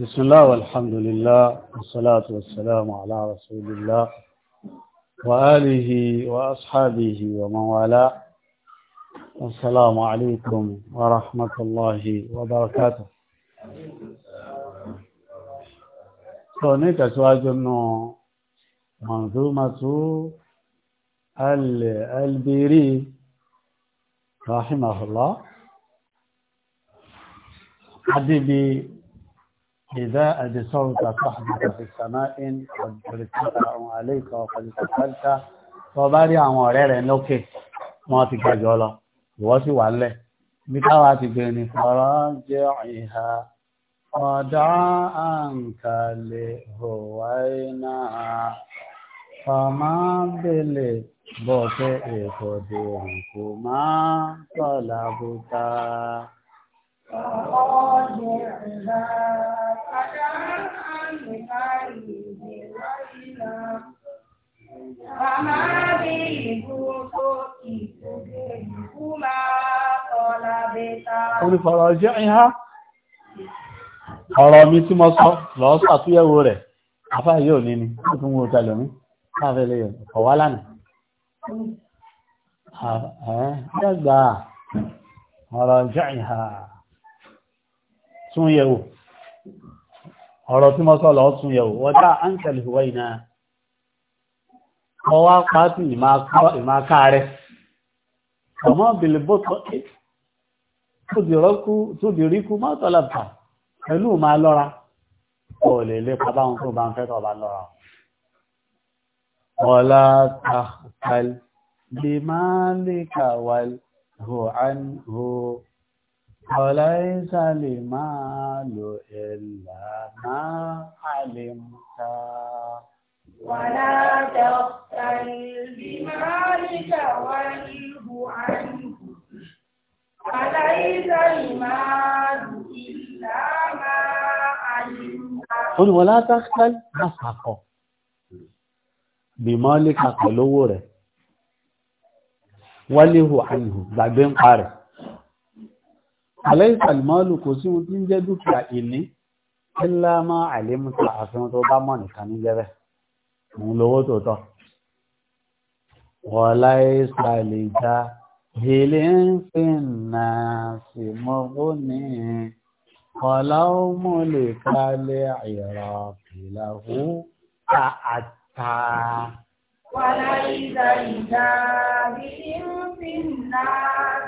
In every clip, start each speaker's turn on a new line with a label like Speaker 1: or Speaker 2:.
Speaker 1: بسم الله والحمد لله والصلاة والسلام على رسول الله وآله وأصحابه ومن والاه السلام عليكم ورحمة الله وبركاته هناك أزواج منظومة البيري رحمه الله حديبي إذا أبصرت صحبك في السماء قد ارتفع عليك وقد سفلت tọba rí àwọn ọ̀rẹ́ rẹ̀ lókè wọ́n ti gbàjọ lọ ìwọ sì wà lẹ̀ mítàwà ti gbé ní fọ́rọ̀ jẹ́ ìhà ọ̀dọ́ àǹkàlẹ̀ òwáyé náà ọmọ bèlè bọ́ọ̀kẹ́ èkòdè òǹkò máa tọ́lá bùtà.
Speaker 2: ọ̀rọ̀ jẹ́ ìhà. Orí fọ̀rọ̀ jẹ́
Speaker 1: ìhá, ọ̀rọ̀ mi tí mo sọ lọ sàtúyẹ̀wò rẹ̀, afá yóò ní ni, ó tún mú òtàlẹ̀ mú, káàfẹ́lẹ̀ ọ̀wá lánàá. Ẹ̀ẹ́ dẹ́gbà ọ̀rọ̀ jẹ́ ìhá, ọ̀rọ̀ tí mọ́ sọ́lọ̀ ọ̀tún yẹ̀wò wọ́dá áńkẹ̀lì ìwọ̀ ìná ọwá pàtí ìmáká rẹ̀ ọmọ bìlìbó tóbi ríkú mọ́tọ̀lẹ̀pà pẹ̀lú máa lọ́ra kò lè lé pàbáhùn tó bá ń fẹ́ tọ́ba lọ́ra ọ̀lá وليس المال إلا ما علمت ولا تختل بمالك
Speaker 2: وله عنه وليس المال إلا ما علمت
Speaker 1: قل ولا تختل نفقه بمالك pẹ̀lú owó rẹ̀ wálé hù àìhù gbàgbé ń parẹ̀ àlẹ́yìn àlùmọ́ọ́lù kò sí ohun tí ń jẹ́ dúkìá ìní ńlá máa àìlémúta àfihàn tó bá mọ̀ nìkan ní jẹ́rẹ̀ òun lówó tòótọ́ wọ́lá ìsàlẹ̀ ìjà èlé ń fi nà sí mọ́gbó ní ọ̀lá ó lè kálẹ̀ ìrọ̀ ìlàhú tààtà.
Speaker 2: wọ́lá ìsàlẹ̀ ìjà èlé ń fi nà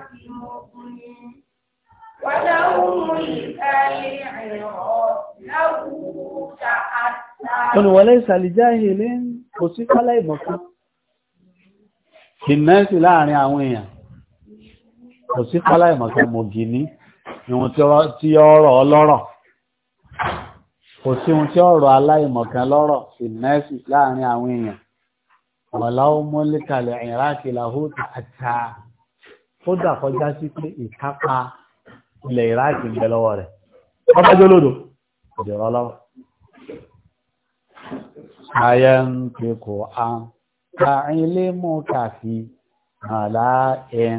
Speaker 2: sí mọ́gbó
Speaker 1: Olùwọlé ìsàlìjá ilé kò sí kálá ìmọ̀kan. Ìmẹ́sì láàrin àwọn èèyàn, kò sí kálá ìmọ̀kan mògì ní ìwọ̀n tí ọ̀rọ̀ ọlọ́rọ̀. Kò sí ohun tí ọ̀rọ̀ aláìmọ̀kan lọ́rọ̀ ìmẹ́sì láàrin àwọn èèyàn. Wàláwó mọ́lé kalẹ̀ ìrákìlá hóòtù àtà. Ó dà kọjá sí pé ìkápa ilẹ̀ iraq ń lọ́wọ́ rẹ̀ wọ́n bá jólódò ìjọba lọ́wọ́ ayé ń pè kò á ka ilé mú kàfi àlá ẹn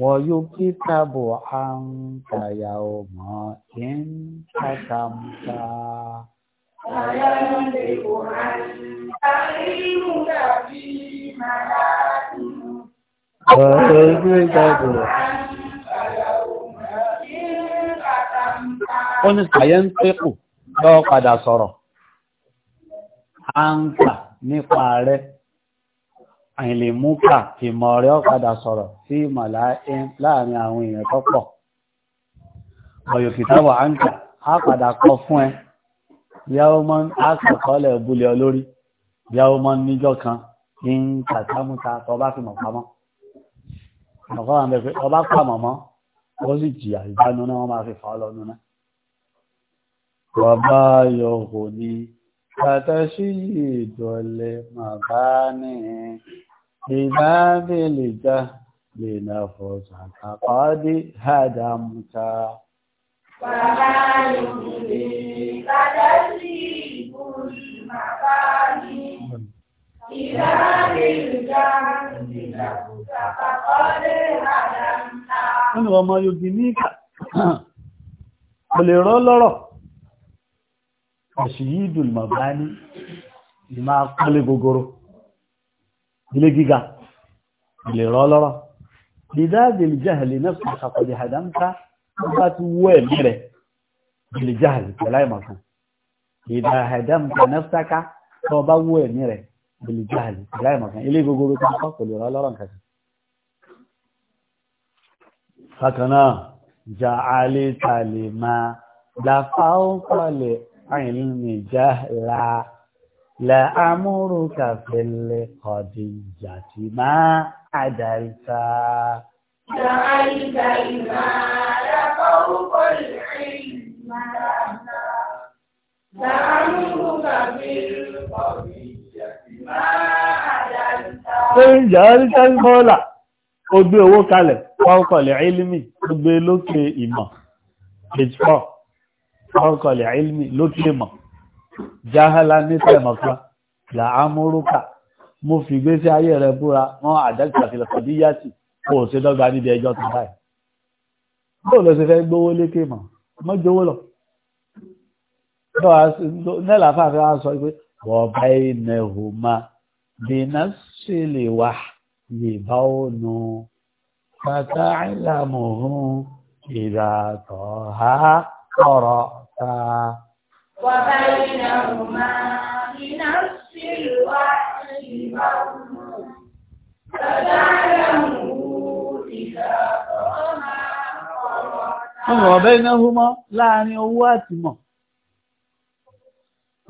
Speaker 1: wọ́n yóò kí tábù á ń kàyà ọmọ ẹn kàkàmùkà
Speaker 2: ayé ń pè kò á ka ilé mú kàfi àlá ẹn
Speaker 1: wọ́n yóò kí tábù á
Speaker 2: ó ní sàyẹ́ ń pépù
Speaker 1: lọ́wọ́ padà sọ̀rọ̀ à ń kà nípa rẹ̀ àìlèmúkà ìmọ̀ rẹ̀ ó padà sọ̀rọ̀ sí ìmọ̀lá láàrin àwọn èèyàn tó pọ̀ ọ̀yọ̀kìtàwọ̀ à ń kà á padà kọ fún ẹ yàwó mọ́ á sọ̀kọ́lẹ̀ òbúlẹ̀ olórí yàwó mọ́ níjọ́ kan ní kàtàmúta tọba fi mọ̀ pamọ́ ọ̀kọ́ àwọn ẹgbẹ́ ọba pàmọ̀ mọ́ ó sì jìyà ìbánu náà wọ́n máa fi fà ọ́ lọ́nu náà bàbá yọ̀hò ni tàtàṣí ìdọ̀lẹ̀ màbá ní ìdábìlìjà lè nà fọ̀sà àpáàdé àdàmúta. Bàbá yọ̀hò ni tàtàṣí
Speaker 2: ìdọ̀lẹ̀ màbá ní ìdábìlìjà lè nà fọ̀sà àpáàdé àdàmúta.
Speaker 1: Wọ́n ni ọmọ Yorùbá ní ìkà, kò lè rọ́ lọ́rọ̀ ọ̀ṣìyídù mọ̀bání ìmá kọ́lé gogoro ilé gíga ilé rọ́lọ́rọ́ ìdáàdìl jahali náà kò sàkọ̀dì àdámta bá ti wọ́ ẹ̀mí rẹ̀ ìlú jahali pẹ̀láìmọ̀kan ìdáàdámta náfsáká tó bá wọ́ ẹ̀mí rẹ̀ ìlú jahali pẹ̀láìmọ̀kan ilé gogoro tó kọ́ pẹ̀lú rọ́lọ́rọ́ nǹkan bákan náà jà alẹ́ tàlẹ́ máa àìníjà la la amúrú kàfẹ́lẹ́ kọ̀dìjà tì máa àdàríta. Láàrídà ìmá lápọ̀wọ́pọ̀ ìrìn
Speaker 2: máa dáadáa. Láàmúrú kàfẹ́lẹ́ kọ̀dìjà tì máa àdàríta. Ṣé ìjà
Speaker 1: àríta ń bọ́lá? Ó gbé owó kalẹ̀, wọ́n kọ̀lẹ̀ ilmi, gbé lókè ìmọ̀, page four ọkọ̀lẹ̀ ilmi lókè mọ̀ jáhálà ní tẹ̀mọ̀ká làámúrúkà mo fi gbé sí ayé rẹ̀ búra wọn àdágbà fìlọ̀kọ̀díyàtì kò ṣe dọ́gba níbi ẹjọ́ tó báyìí bóò lọ sí fẹ́ gbówó lékè mọ̀ mọ́jọ́wó lọ nílà fàáfẹ́ á sọ pé ìdàtọ̀ ha. قرأ
Speaker 2: وبينهما بنفس الوحي فضل فتعلمه إذا Ọ̀rọ̀
Speaker 1: baynahuma láàrin owó àtìmọ̀.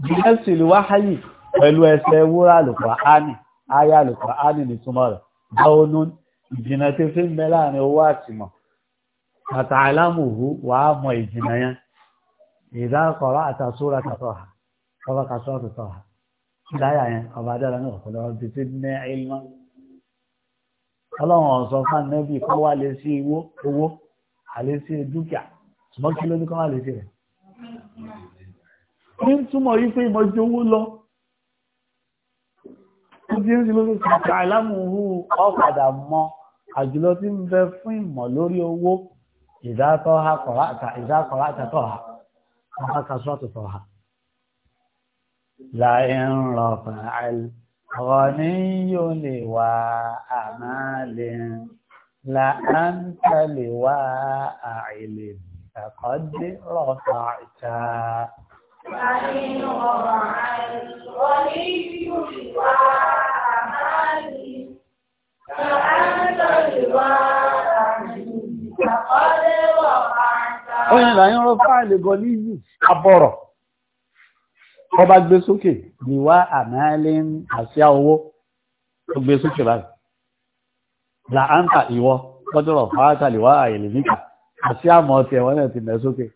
Speaker 1: Bílẹ̀sì ló wá háyì pẹ̀lú ẹsẹ̀ wúrà lùkọ̀ ánì, ayá lùkọ̀ ánì nìtúmọ̀ rẹ̀, bá ó nú tí fi ń bẹ láàrin owó àtìmọ̀ àtàlámùhù wà á mọ ìjìnà yẹn ìdákọ̀rọ̀ àtàsúra kàtọ́ha ọba kàtọ́ha tọ́ha láyà yẹn ọba adára ní ọ̀pọ̀lọ́ ọdún tí ní ilmọ́ ọlọ́run ọ̀sán fánẹ́bì kọ́ wá lè sí owó àlè sí dúkìá ṣùgbọ́n kí ló ní kọ́ wá lè sí rẹ̀ ní túmọ̀ yí pé ìmọ̀ ju owó lọ ó ti ń sí lórí àtàlámùhù ọ̀padà mọ àjùlọ tí ń bẹ fún ìmọ̀ lórí owó إذا طه قرأت إذا قرأت طه وحكى صوت طه لئن رفع الغني لواء مال لأنت لواء علم فقد رفعت
Speaker 2: لئن رفع الغني ọ̀yìn ìlàyìn ọ̀rọ̀
Speaker 1: fáìlì gan ní yìí abọ̀rọ̀ ọba gbé sókè níwá àmàlẹ́ àṣà owó tó gbé sókè báyìí làáńtà ìwọ kọjọ́rọ̀ fáátà lè wá àìlè níkà àṣì àmọ́ tiẹ̀ wọ́n náà ti mẹ́ sókè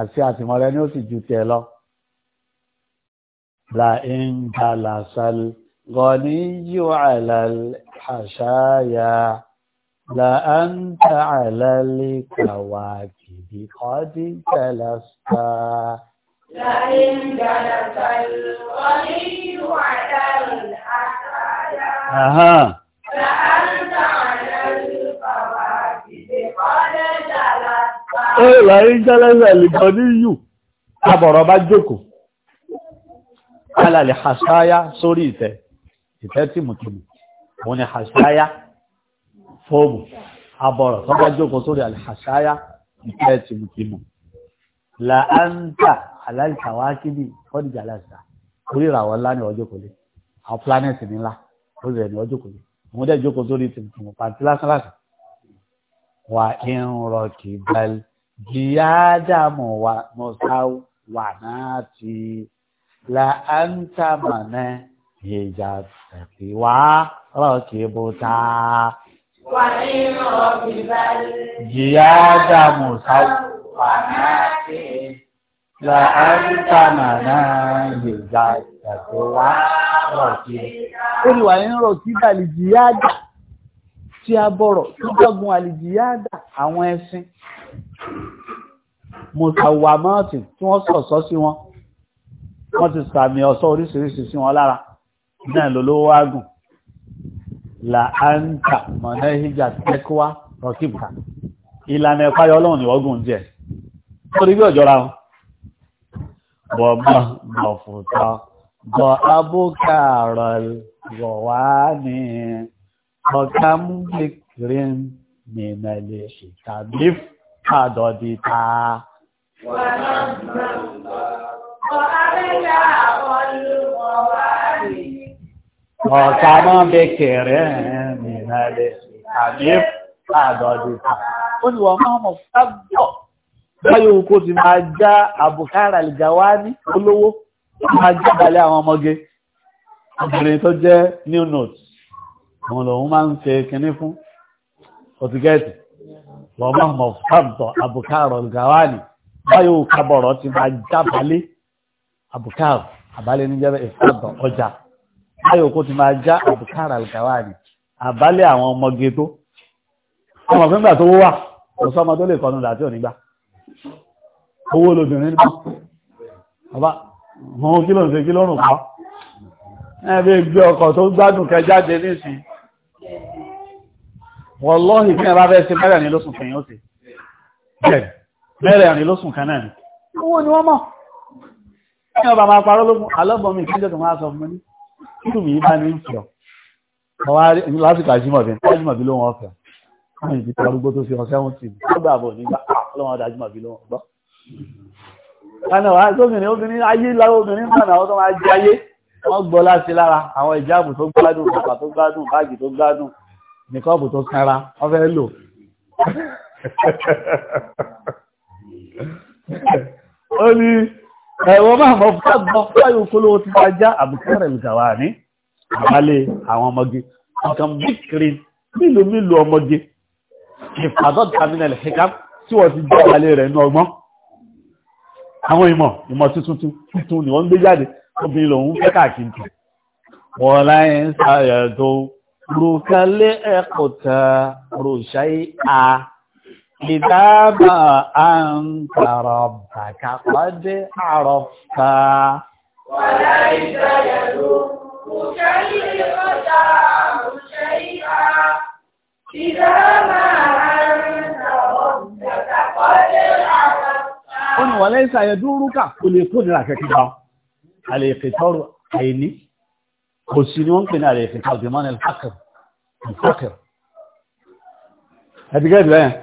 Speaker 1: àṣì àtìmọ́lẹ́ ni ó sì ju tiẹ̀ lọ. làáńtà làṣàl gọ̀ọ́nì yóò àlàl àṣàyà làáńtà àlàlẹ̀ kàwáàkì. بقد جلست
Speaker 2: لئن جلس الولي على الحسايا سألت على الفواكه قد جلست ايه لئن جلس الغني
Speaker 1: àbọ̀rọ̀ bá jókòó alàlẹ̀ hasaya sórí ìtẹ́ ìtẹ́ tìmùtìmù òun ni hasaya fóòmù àbọ̀rọ̀ tó bá jókòó sórí alẹ̀ hasaya ìfẹ́ tìmùtìmù là á ń tà aláìsà wá kíbi kọ́dìjà aláìsà orí ìràwọ̀ ńlá ní ọjọ́ kò lé àwọn pílánẹ̀tì ńlá ó rẹ̀ ní ọjọ́ kò lé àwọn dẹ̀ jókòó sórí tìmùtìmù pàǹtí lásán lásán wà ń rọ kìbẹ́lì jìyà dààmú wa mọ̀sá wà náà ti là á ń tà mọ̀ náà ìjà tẹ̀síwá rọ̀ kìbùtà
Speaker 2: wà nínú ọ̀bìbá lè. jìyà dààmú sáwù. wà náà ṣe. la àríkà nàná
Speaker 1: lè gba ìgbàgbọ́ wá rọ̀kì. olùwà nínú rọ̀kì balẹ̀ jìyà dà tí a bọ̀rọ̀ tó dọ́gun àlìjìyà dà àwọn ẹṣin mùsàwàmọ́ọ̀tì tí wọ́n sọ̀sọ́ sí wọn wọ́n ti sàmì ọ̀ṣọ́ oríṣiríṣi sí wọn lára náà lólówó wágùn làáńtà mọ̀nà ìjà tẹ́kọ́wá rọ̀kìbùkà ìlànà ẹ̀fáyọ ọlọ́run ni ọgùn jẹ́ torí bí ọjọ́ra wọn bọ̀ mọ́ bọ̀ fòtọ́ bọ̀ abúkàrọ̀ rọ̀ wá ní ọ̀kàmùbìkìrín nìmẹ̀lẹ̀ ìtàbí
Speaker 2: wọ́n náà bọ̀ àríyá ọlọ́run wá ní ọ̀ta máa bẹ kẹ̀rẹ́
Speaker 1: mìírànlẹ̀ àbí àdọ́dìta ó ní wọ́n máa mọ̀ sábọ̀ báyọ̀ kó ti máa já àbùkárà ìjàwá ní olówó máa jábàlẹ̀ àwọn ọmọge obìnrin tó jẹ́ new note àwọn lòun máa ń ṣe kinní fún ọtígẹ́ẹ̀tì wọ́n máa mọ̀ sábọ̀ àbùkárà ìjàwá ní báyọ̀ kábọ̀rọ̀ ti máa jábàlẹ̀ àbùkárà àbálẹ̀ níjẹ́ ìfàdọ̀ ọjà báyọ̀ kó ti máa já àbùkárà àlùkàwà ni àbálẹ̀ àwọn ọmọge tó ọmọ fún ìgbà tó wà kò sọ́mọ tó lè kọnu láti ònígbà owó lóbìnrin nígbà ọba ọmọ kí ló ń ṣe kí ló rùn pa ẹbí gbé ọkọ̀ tó gbádùn kẹ jáde nísìn wọ́lọ́hì fún ẹbá fẹ́ sí mẹ́rẹ̀ ní ni wọ́n mọ̀ ní ọba máa parọ́ lókun alọ́bọ̀mí ìkẹ́jọ́ tó máa sọ fún mi kí mi bá ní ìfẹ́ lásìkò àjímọ̀bí àjímọ̀bí ló wọ́n fẹ́ àwọn ìdí arúgbó tó fi ọ̀sẹ́ wọn ti gbà bọ̀ ah, nígbà lọ́wọ́n àjímọ̀bí ló wọ́n gbọ́. kánà wà lóbìnrin obìnrin ayé lára obìnrin náà àwọn tó máa jẹ ayé wọ́n gbọ́ láti lára àwọn ìjáàbù tó gbádùn bàbà tó gbádùn báàgì tó gbádùn nìkọ́ọ̀bù tó sanra wọ́n fẹ́ lò. ó ní ẹ̀wọ̀n máa mọ̀ fàgbọ́ fáyò kólówó ti ta já àbùkẹ́rẹ̀ ìjàwà ní àbálẹ̀ àwọn ọmọge nǹkan bíkiri mélòó mélòó ọmọge ìfàdọ́ta minel hikam tí wọ́n ti jẹ́ àbálẹ̀ rẹ̀ ní ọgbọ́n àwọn ìmọ̀ ìmọ̀ tuntun tuntun ni wọ́n gbé jáde obìnrin lòun fẹ́ káàkiri tù wọ́n láyé ń sáyẹ̀ tó rùkálẹ̀ ẹ̀kọ́ta rùṣáì a Ìdábà àǹtàràbàkà pàdé àrọ̀fà. Wọ̀lá ìṣẹ̀lẹ̀lú, òṣèré ìrọ̀dá, òṣèré ìhà.
Speaker 2: Ìdábà àǹtàràbàkà pàdé àrọ̀fà. Ó ní wọ̀lá
Speaker 1: ìṣẹ̀lẹ̀dúrúkà kò lè kó nira kẹkẹrẹ àlè ìfẹ̀tọ́rù àìní. Kò sí ni wọ́n pè ní àlè ìfẹ̀tọ́rù bí mọ́nà ìfàkìr. Ìfàkìr. Ẹ̀dìgẹ́ ìbìlẹ̀ yẹn.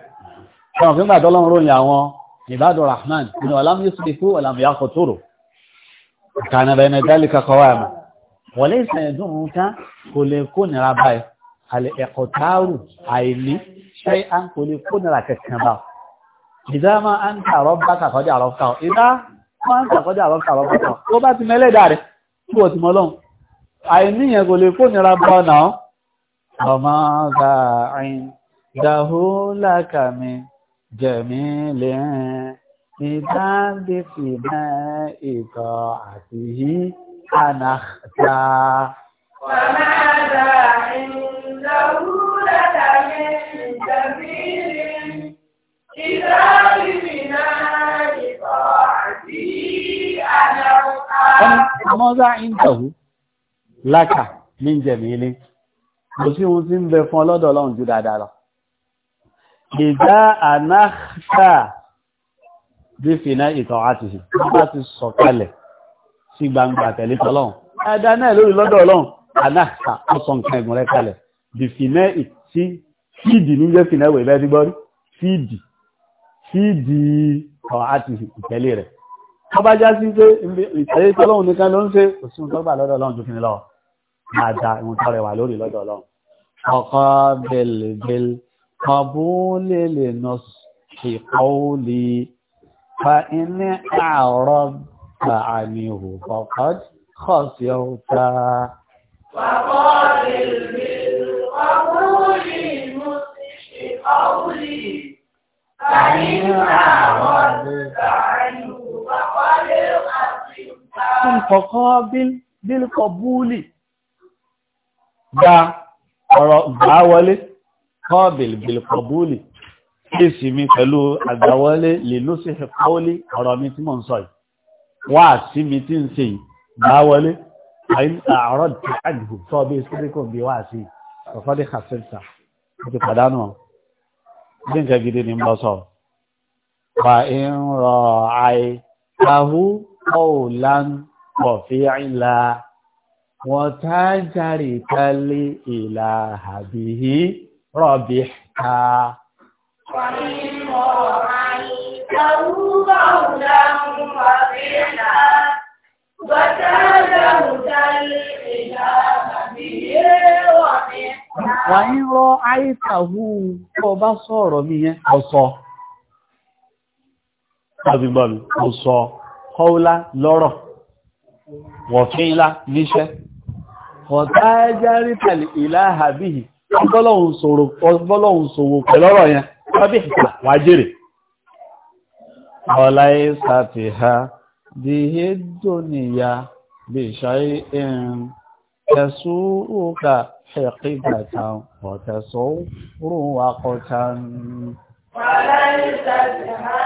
Speaker 1: wọn fi ń gbàtọ́ lọ́run ròyìn àwọn ìbádọ̀ rahman inú ọ̀làmú yóò sì kú ọ̀làmú yà kò tóró kànà bẹ́ẹ̀ ní dálí kakọ́ wa mọ̀ wọlé ìsẹ̀yẹ̀dún òun ká kò lè kó nira báyìí àlè ẹ̀kọ́ táàrù àìní yẹn kò lè kó nira bá náà ọmọ ọgá àìn dàhó lákàmì جميل إذا فيما إطاعته أنختا
Speaker 2: وماذا عنده لك من جميل إذا فيما إطاعته أنختا ماذا عنده
Speaker 1: لك من جميل kò sí ohun tí ń bẹ fún ọlọ́dọ̀ ọlọ́run ju dáadáa lọ ìgbà ànáhà bí fìná ìtọ̀ àti bá ti sọ̀kalẹ̀ sí gbangba tẹ̀lé tọ́lọ́run ẹ̀dá náà lórí lọ́dọ̀ ọlọ́run ànáhà ọsọ nǹkan ẹ̀gùn rẹ̀ kalẹ̀ bí fìná ìtí fíìdì ní jẹ́ fìná ìwẹ̀ lẹ́sí gbọ́rí fíìdì fíìdì ọ̀ àti ìtẹ̀lé rẹ̀ tó bá já sí pé ìtẹ̀lé tọ́lọ́run nìkan ló ń ṣe òsùn tó gbà lọ́dọ̀ ọlọ́run ju fi lọ máa da ìwọ̀n tọrẹ wà lórí lọ́dọ̀ ọlọ́run ọkọ̀ bẹ́ẹ̀lẹ̀ قبول لنصح قولي فإن أعرضت عنه فقد خسرت
Speaker 2: فقابل بالقبول نصح قولي
Speaker 1: فإن أعرضت
Speaker 2: عنه فقد خسرت
Speaker 1: فقابل بالقبول ده ọ̀rọ̀ gbà wọlé kọ́ọ̀bìl bilkọ̀bùlì kéèsì mi pẹ̀lú àgbàwọlé lílú sí ẹ̀kọ́ọ́lì ọ̀rọ̀ mi tí mò ń sọ yìí wá sí mi tí ń ṣe yìí bá wọlé àárọ̀ tí àdìgbò tó bí síríkò bí wá sí ọ̀fọ́dé kàṣẹ́ǹtà ó ti pàdánù ọ́ bí nǹkan gidi ni mo sọ wà ń rọ àì kàhú ọ̀ọ́lán kọ̀fí ìlà wọ́n tá ń járe tálé rọ̀bì ha.
Speaker 2: Wàhíìmọ̀ àìsàwù bàwùdà ń wà bẹ́ẹ̀lá. Wàyí
Speaker 1: rọ àìsàwù tó bá mi yẹn, ọ̀sọ̀. Ọ̀sì gbọ́ mi, kọ́ọ́lá lọ́rọ̀, wọ̀fínlá níṣẹ́. Ọ̀tá ẹjẹ́ rí ìlà àbíhì ọgbọ́lọ́hun sọ̀rọ̀ ọgbọ́lọ́hun sọ̀wọ̀ pẹ̀lọ́rọ̀ yẹn tàbí ìta wà jèrè ọ̀lá ìsàtì ha di hedoniya bí ṣáyé ẹ̀rùn tẹ̀sù òkà ẹ̀kígbàta ọ̀tẹ̀sọ́ rún akọta
Speaker 2: ọ̀lá ìsàtì ha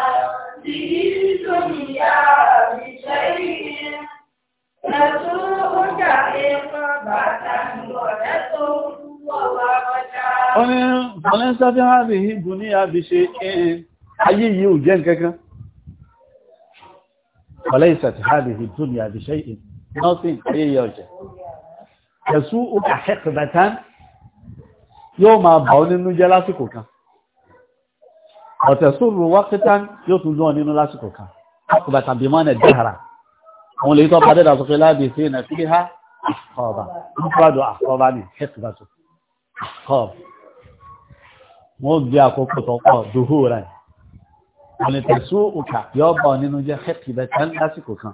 Speaker 2: di hedoniya bí ṣáyé ẹ̀rùn ó ní
Speaker 1: ọlẹ́sọ́fí hàbí ìbù ní àbí ṣe ayé yìí ò jẹ́ nǹkankan ọlẹ́sọ́fí hàbí ìbù ní àbí ṣe nothing ayé yìí ọjẹ́ ẹ̀sù òkà hẹ́kẹ̀bẹ̀tá yóò máa bà ọ́ nínú jẹ́ lásìkò kan ọ̀tẹ̀sùrù wákítá yóò tún dún ọ nínú lásìkò kan hẹ́kẹ̀bẹ̀tá bí mọ́nẹ̀ dára àwọn lè kọ́f wọ́n gbé àkókò tó pọ̀ dùhù rẹ̀ ọ̀nìtẹ̀sù òkà yọ́ bọ̀ nínú jẹ́ hẹ́kìbẹ̀tẹ́n lásìkò kan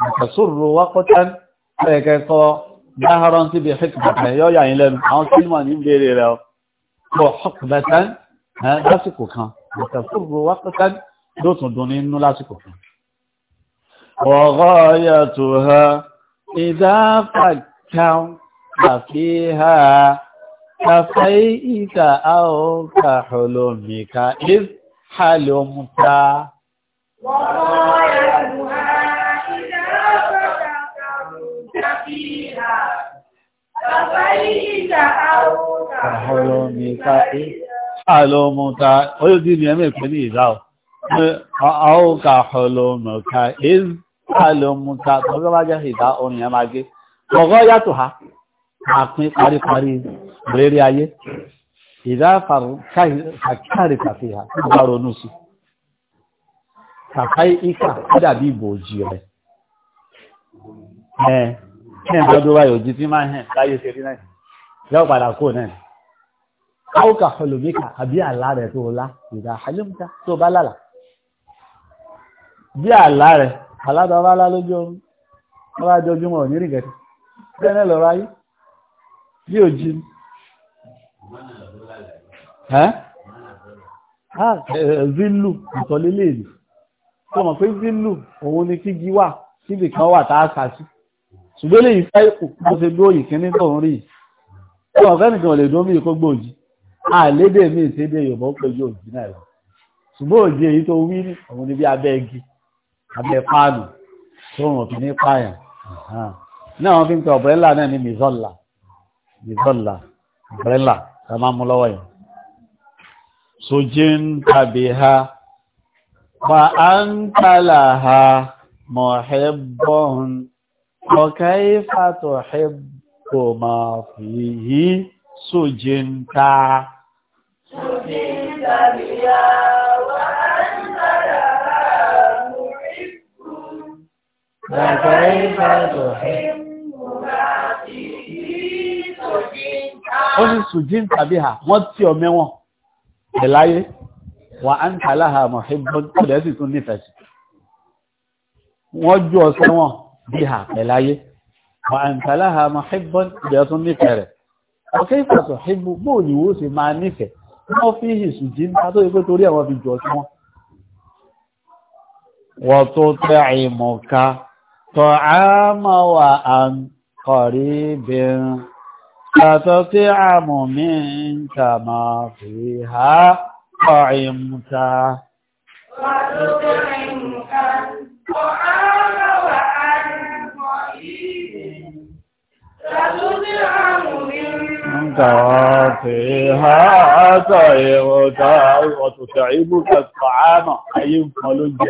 Speaker 1: ọ̀nìtẹ̀sùrù wákọ́tẹ́n ẹ̀kẹ́kọ́ dáhọ́rán tí bí hẹ́kìbẹ̀tẹ́n yọ́ yà yín lẹ́nu àwọn sílmọ̀ ní bèèrè rẹ̀ kọ́ hẹ́kìbẹ̀tẹ́n lásìkò kan ọ̀nìtẹ̀sùrù wákọ́tẹ́n ló tún dùn nínú lásìkò kan. وغايتها إذا فكرت فيها كفيئك أو كحلمك إذ حلمت
Speaker 2: ورايتها إذا فكرت فيها كفيئك أو كحلمك إذ
Speaker 1: حلمت ويدين يميك من إذا أو كحلمك إذ حلمت تقول ما جاهدا أون يماكي وغايتها أقني قريب قريب rírí ayé ìdáfàrù kàkàrí kàfíhà bá ronú sí kàkà ìkà dàbí ìbò òjì rẹ̀ ẹ̀ ẹ̀ lọ́dún wáyé òjì tí máa hẹn láyé ṣe rí náà yọ́ padà kó náà káwùkà ọlùmíkà àbí àlá rẹ̀ tó lá ìdá àlùmíkà tó bá lálà bí àlá rẹ̀ aládọ́bá lá lójú oorun wọ́n bá jọjúmọ̀ ní rìgẹ̀tì bẹ́ẹ̀ náà lọ́rọ̀ ayé bí òjì ni zilu ìtọ́lélé ìlú tó mọ̀ pé zilu òun ni kígi wà síbì kan wà tá a kà sí ṣùgbọ́n lè fẹ́ mo ṣe gbóòyì kíní tó ń rí tó mọ̀ fẹ́ nìkan lè dún mí kó gbòòjì àlédè mí ìṣédè yorùbá pé yóò jí náà lọ ṣùgbọ́n òjì èyí tó wí òun ni bí abẹ́ igi abẹ́ páàlù tó rùn kì ní pààyàn náà wọ́n fi ń pe ọ̀bẹ̀rẹ́là náà ní mìzọ́là mìzọ́là ọ̀bẹ̀rẹ́là tá máa mú lọ́wọ́ yẹn سجنت بها وأنت لها محب وكيف تحب ما فيه سجنت سجنت
Speaker 2: بها وأنت لها محب وكيف تحب ما فيه سجنت ó ní
Speaker 1: sùjín tàbí hà wọ́n tí ọmẹ́wọ̀n ẹ̀láyé wà á ń tàláhà mọ̀ṣẹ́gbọ́n tó dẹ̀ sì tún nífẹ̀ẹ́ sí wọ́n jú ọ sẹ́wọ̀n bí hà ẹ̀láyé wà á ń tàláhà mọ̀ṣẹ́gbọ́n tó dẹ̀ tún nífẹ̀ẹ́ rẹ̀ ọ̀kẹ́ ìfàtọ̀ ṣẹ́gbù bóò ni wó ṣe máa nífẹ̀ẹ́ wọ́n fi تستطيع منك ما فيها طعمت وتطعمك الطعام وأنت منك
Speaker 2: ما فيها طعمت
Speaker 1: وتطعمك الطعام أي ملوك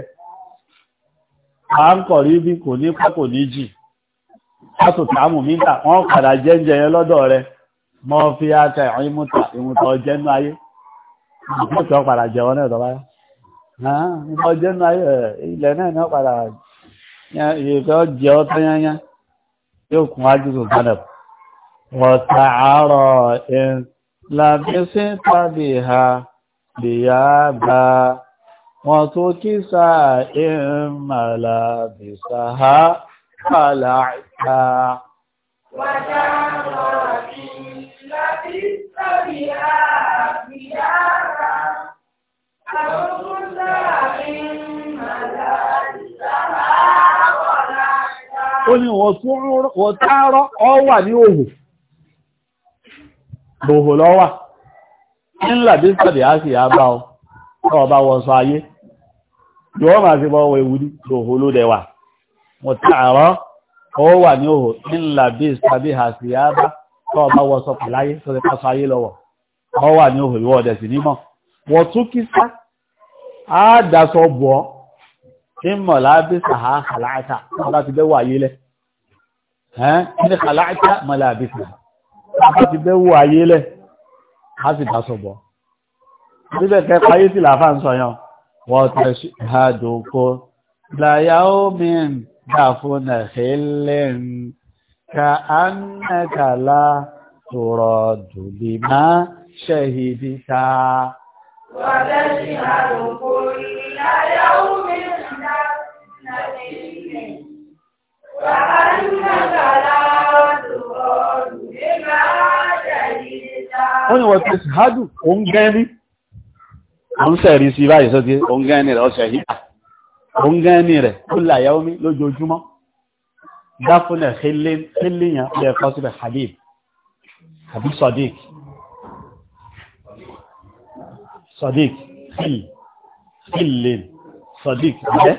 Speaker 1: عن قريب كوني فكوني جي látòtà àmùmíńtà wọ́n padà jẹ́ǹjẹ yẹn lọ́dọ̀ rẹ mọ́ fi àtà ìwọ̀n ìmúta ìmúta ọjẹ́nú ayé ìmúta padà jẹ́ wọn náà tọ́ báyá ìmúta ọjẹ́nú ayé ilẹ̀ náà náà padà ìfẹ́ jẹ́ ọ tó yányá yóò kún wájú tó gbọ́dọ̀ wọ́ta àárọ̀ ìlàbísí tàbí ha lèyà bá wọ́n tó kí sáà ìmàlà bìsáà خلعتها
Speaker 2: وتامرتي لبست بها ثيابا فانظرنا من ملابسها
Speaker 1: ó ní wọ́n tààrọ ọwà ní òhù òhù lọ́wà ńlá bí sọ̀dì á sì àbá ọ ọba wọ́n sọ ayé yóò máa fi bọ́ ọwọ́ ewu ní òhù mọ̀tàárọ̀ ó wà ní òhò ńlá bí tàbí àṣìyábá tó ọba wọ sọ pàláyé tó lè pásọ ayé lọ́wọ́ ó wà ní òhò ìwọ́ ọ̀dẹ̀ sí nímọ̀ wọ́n tún kí sá á dasọ bọ̀ kí mọ̀ lábí sàá kàláàtà ọba ti bẹ́ wà ayé lẹ̀ ẹ́ kí دفن خل كأنك لا تراد بما شهدت
Speaker 2: وتشهد كل يوم نفس وأنك لا تراد بما شهدت وتشهد
Speaker 1: أم جاني أم سيري سيبا يسوتي أم جاني أو شهيدة òun gan ní rẹ̀ ó láyá omi lójoojúmọ́ dáfúnẹ̀ hìlìyàn lè kọ́ sílẹ̀ habib àbí sadiq sadiq hìl hìlìn sadiq jẹ́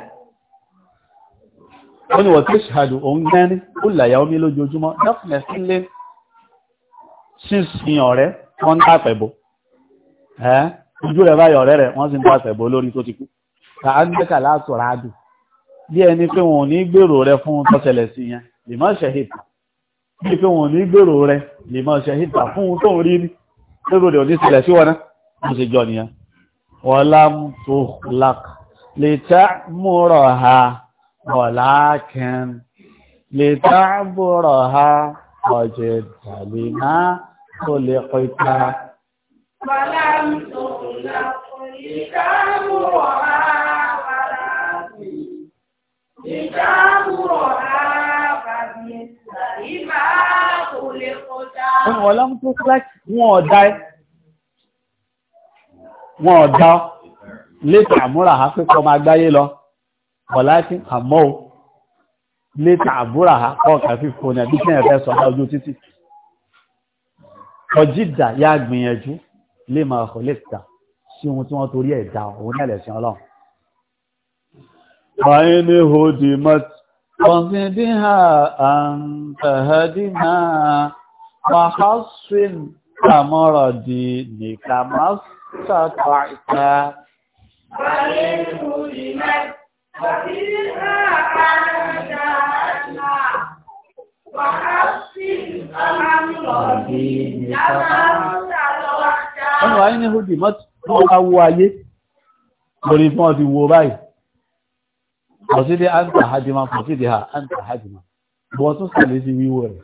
Speaker 1: ó ní wọ̀tí ṣàdù òun gan ní ó láyá omi lójoojúmọ́ dáfúnẹ̀ hìlìn sínsìn ọ̀rẹ́ wọ́n ń tàpẹ̀bọ̀ ojú rẹ̀ báyọ̀ ọ̀rẹ́ rẹ̀ wọ́n sì ń tàpẹ̀bọ̀ lórí tó ti kú ka andaka láti ràádù bí ẹni pé wọn ò ní gbèrò rẹ fún tọ́sẹ̀lẹ̀ sí yẹn lè má ṣe hìtà bí pé wọn ò ní gbèrò rẹ lè má ṣe hìtà fún tó ń rí ní lérò rẹ ò sílẹ̀ sí wọn náà mo ṣe jọ nìyẹn wọlá tó lak lè tá múrọ̀ ha wọlá kẹn lè tá múrọ̀ ha ọ̀jẹ̀ tàbí má tó lè pẹ́ta.
Speaker 2: wọlá tó lak ìdáàbò ọ̀rá padà sí ìdáàbò ọ̀rá bàbí ìbá kò lè kọjá.
Speaker 1: wọn ọlọ́run tó kíláàsì wọn ọ̀dá wọn ọ̀dá létà àmúra àfikọ́ máa gbáyé lọ ọ̀láìsí àmọ́ o létà àbúrà ọkà fífò ní ẹ̀bí kíyàn fẹ́ sọ́dá ojú títì ọjídà yá gbìyànjú lè máa kọ̀ lè sí ohun tí wọ́n torí ẹ̀ dá òun náà lẹ̀sìn ọlọ́run. Báyìí ni Hodi Mọ́t. Kọ̀sìn bí ha à ń tẹ̀hẹ́dì náà, Mahaswin Kamọ́rọ̀ di nìkà máa sàtọ̀ ìta.
Speaker 2: Báyìí ni Hodi Mọ́t. Kọ̀sìn bí ha à ń tẹ̀hẹ́dì náà, Mahaswin Kamọ́rọ̀ di nìkà máa sàtọ̀ ìta. Wọ́n wáyé ní Hodi Mọ́t wọ́n bá wó
Speaker 1: ayé lórí tí wọ́n ti wo báyìí kọ̀sídé àǹtà hajjima kọ̀sídé ha àǹtà hajjima bọ́ tún sàlẹ̀ sí wíwò rẹ̀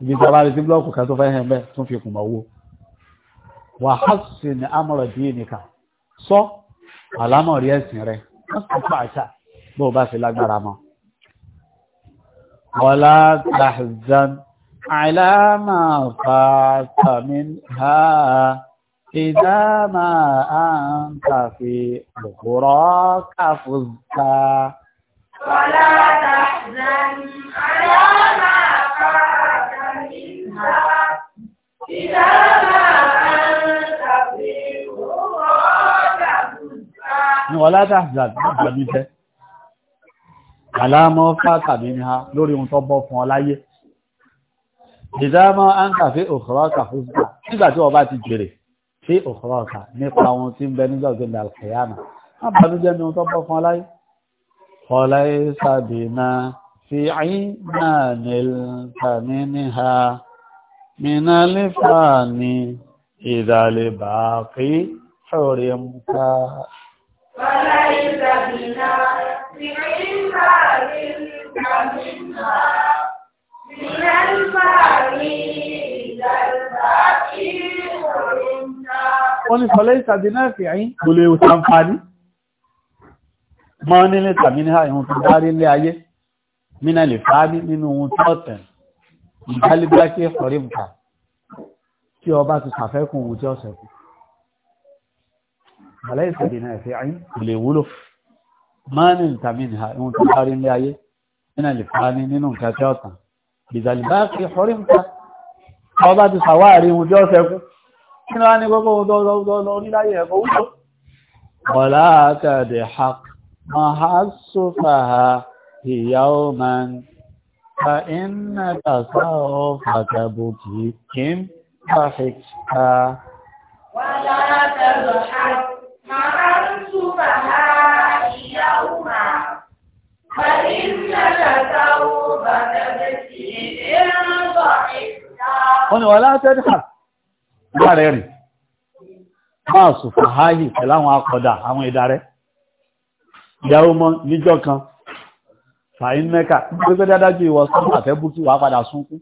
Speaker 1: ibi tàbá rẹ̀ sí blọ́ọ̀kù kan tó fẹ́ hẹ̀ mẹ́ tún fi kùnmọ̀ owó wà á sì ní àmọ̀rọ̀ díẹ̀ nìkan sọ àlámọ̀ rí ẹ̀sìn rẹ̀ wọ́n sì pa àṣà bó bá fi lágbára mọ́ wọlá tàhzan àìlámà fàtàmí إذا ما أنت في أخراك فزتا
Speaker 2: ولا تحزن على ما فات منها إذا ما أنت في أخراك
Speaker 1: فزتا ولا تحزن على ما فات منها lórí ohun tó bọ́ fún ọ láyé ìdámọ́ áńkà fí òkúrọ́kà fún ìgbà tí ọba ti jèrè sí òkúrọ̀ ọ̀ka nípa ohun tí ń bẹ nígbà tó ń da àlùkìyàmà má bànújẹ́ ni wọ́n tó bọ́ fún ọláyé ọláyé sàbìnà fi àyín náà nílùú níha mìnàlífà ní ìdàlébà pé ṣọ̀rẹ́ mú ká.
Speaker 2: ọláyé sàbìnà fi àyín náà nílùú níha mìnàlífà ní ìdàlébà pé ṣọ̀rẹ́ mú ká wọ́n ní sọlẹ́ ìsàdì
Speaker 1: náà fi àyín kò lè sàǹfààní mọ́ nílé tàbí ní àyín tó dárí ilé ayé mínà lè fàábí nínú ohun tó tẹ̀ ìdálébákí ọ̀rí mùkà tí ọba ti sàfẹ́kùn ohun tí ó sẹ̀kù sọlẹ́ ìsàdì náà fi àyín kò lè wúlò mọ́ nílé tàbí ní ọba ti sàwárí ohun tí ó sẹ̀kù kí ló ní gbogbo ọdọọdọọdọ oríláyé ẹ̀kọ́ wúlò bọ̀lá àkàdé haq mahasufaha ìyàwó máa ń ka iná tàṣà ọ̀fàtàbùkì kí ń pàfẹ́kà
Speaker 2: bọ̀lá àkàdé haq mahasufaha ìyàwó máa ka iná tàṣà ọ̀fàtàbùkì kí ń pàfẹ́kà
Speaker 1: wọ́n ni wọ́n látẹ́dẹ̀ haq láàrẹ rìn máa sùfà háyì pẹ̀láwọn akọ̀dà àwọn ìdarẹ́ ìyàwó mọ́ níjọ́ kan fàyín mẹ́kà gbogbo dádájú ìwọ sọ́nà àfẹ́bùkú wà padà sunkún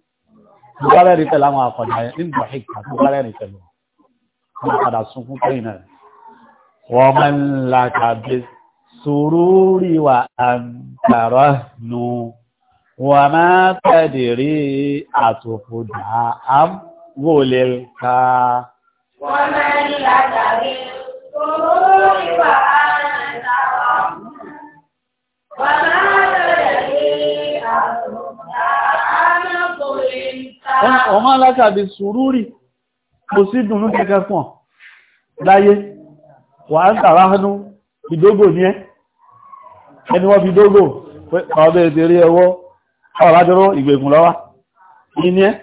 Speaker 1: gbogbo rí pẹ̀láwọn akọ̀dà yẹn nígbà ìkà gbogbo rìn pẹ̀lú wọn padà sunkún kẹ́yìn náà wọ́n máa ń la kàbí sùúrùrì wó lè ka. wọ́n máa ń la tàbí owó ìwà àná
Speaker 2: wọ́n máa ń lọ́dẹ̀ ní àná kò lè ta. ọmọ
Speaker 1: alákàbí sùúrù kò sí dùnú kẹkẹ fún ọ láyé wà á ń tàrá hánú ìdógò ní ẹ ẹni wọ́n fi dógò pẹ́ ọ̀bẹ̀ ìdérí ẹwọ́ ọ̀rọ̀ adọ́rọ̀ ìgbègùn lọ́wọ́ ní ní ẹ́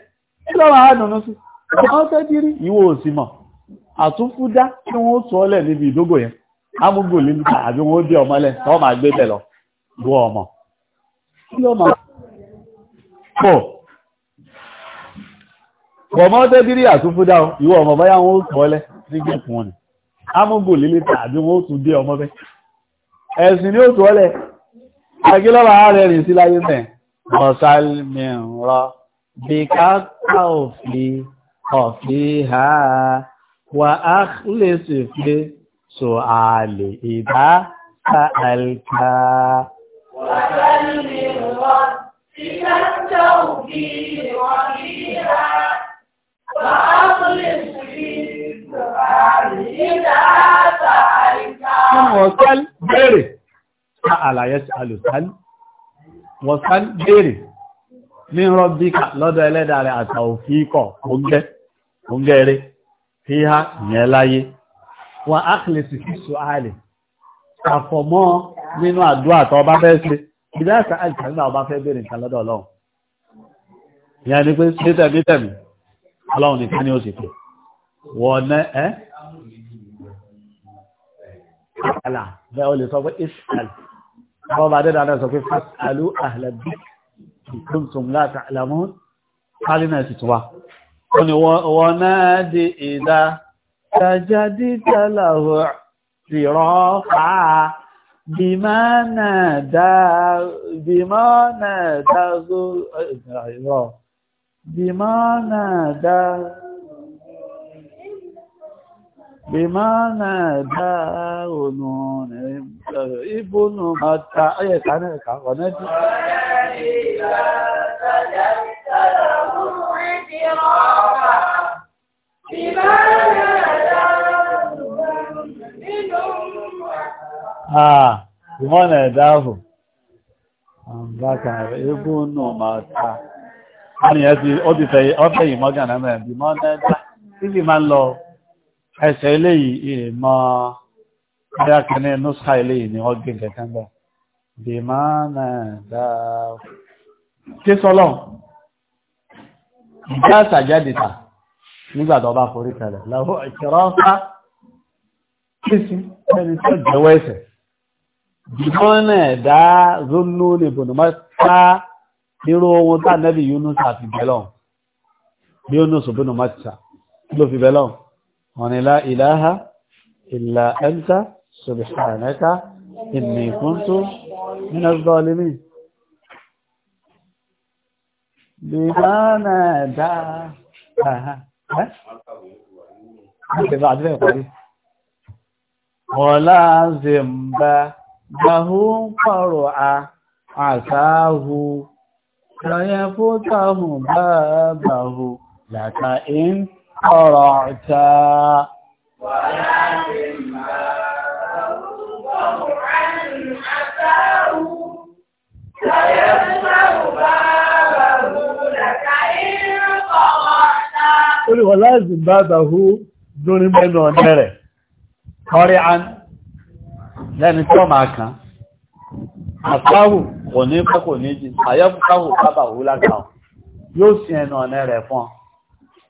Speaker 1: kí lọ́wọ́ àádọ́nà sí wọ́n fẹ́ dírí ìwò òsì mọ̀ àtúnfúdá kí wọ́n sọ ọ́lẹ̀ níbi ìdógò yẹn amúgbò níta àbí wọ́n dé ọmọlẹ̀ tọ́ máa gbé bẹ̀ lọ bú ọmọ kí ọmọ pọ̀ bọ̀mọ́ tẹ́bírí àtúnfúdá ìwọ ọmọ a wọ́n sọ́ọ́lẹ̀ nígbẹ̀ fún wọn amúgbò níta àbí wọ́n tún dé ọmọ bẹ́ ẹ̀sìn ni ó sọ́ọ́lẹ̀ agílọ́wà rẹ̀ rìn sí láyé mẹ́ ọ̀sálmìíràn bìkátà òfin ọ̀fíhà wà á lè sèfé sọ àlè ìbá ta àlìkà.
Speaker 2: wà á lè wọ bìkátà sọ àlè ìbá ta àlìkà. wọ́n sán
Speaker 1: béèrè ní rọ́bíkà lọ́dọ̀ ẹlẹ́dà rẹ̀ àtà òfíkọ̀ oúnjẹ́ oúnjẹ́ rẹ̀ fi ha yẹn láyé wà áàkìlẹ̀sì fi ṣù ààlẹ̀ àfọ̀mọ́ nínú àdúrà tó bá fẹ́ ṣe ìdáṣà àìsàn nígbà ọba fẹ́ bèèrè nǹkan lọ́dọ̀ ọlọ́run ìyẹn ni pé ṣe tẹ̀mí tẹ̀mí ọlọ́run nìkan ni ó sì pé كنتم لا تعلمون قالنا تتوا ونادي إذا سجدت له صرافا بما نادى بما نادى بما نادى ibu نادى ونون ابن متى اي كان كان Ah, bima nadahu. Ambaka ibnu mata. Ani ati odi fe odi imagana me bima nadahu. Ibi man lo. ẹsẹ̀ eléyìí ìmọ̀ ayákaní nùsà eléyìí ni wọ́n gbé nǹkan bá bí máa nà dá ké sọ́lọ̀ ìjà àtàjáde-ta nígbà tó bá forí kalẹ̀ lọ́wọ́ ìṣẹ̀rọ̀ ọ̀sá kí sí ẹni tó jẹ́wọ́ ẹsẹ̀ bí máa nà dá zónú ní bùnúmọ́ sá nírú ohun tá nẹ́bí Yunus àti bẹ́lọ̀ Yunus bùnúmọ́ sá ló fi bẹ́lọ̀ هون يعني لا إله إلا أنت سبحانك إني كنت من الظالمين بما نادى وَلَا ها له قَرُعَ عساه فيفتح بابه لك إِنْتَ قرعتا
Speaker 2: ولكن ما أوضع عن عتاه سيسمع بابه لك إن قرعتا
Speaker 1: قل ولازم بابه دون من ونره قرعا lẹ́ni tí ó máa kàn àtàwù kò ní pẹ́ kò ní jì àyẹ́bùkáwù kábàwù lákàá yóò sí ẹnu ọ̀nà rẹ̀ fún ọ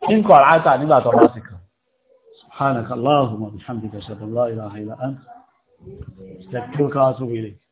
Speaker 1: إن عاد عن بعض رأسك سبحانك اللهم وبحمدك أشهد أن لا إله إلا أنت استغفرك وأتوب إليك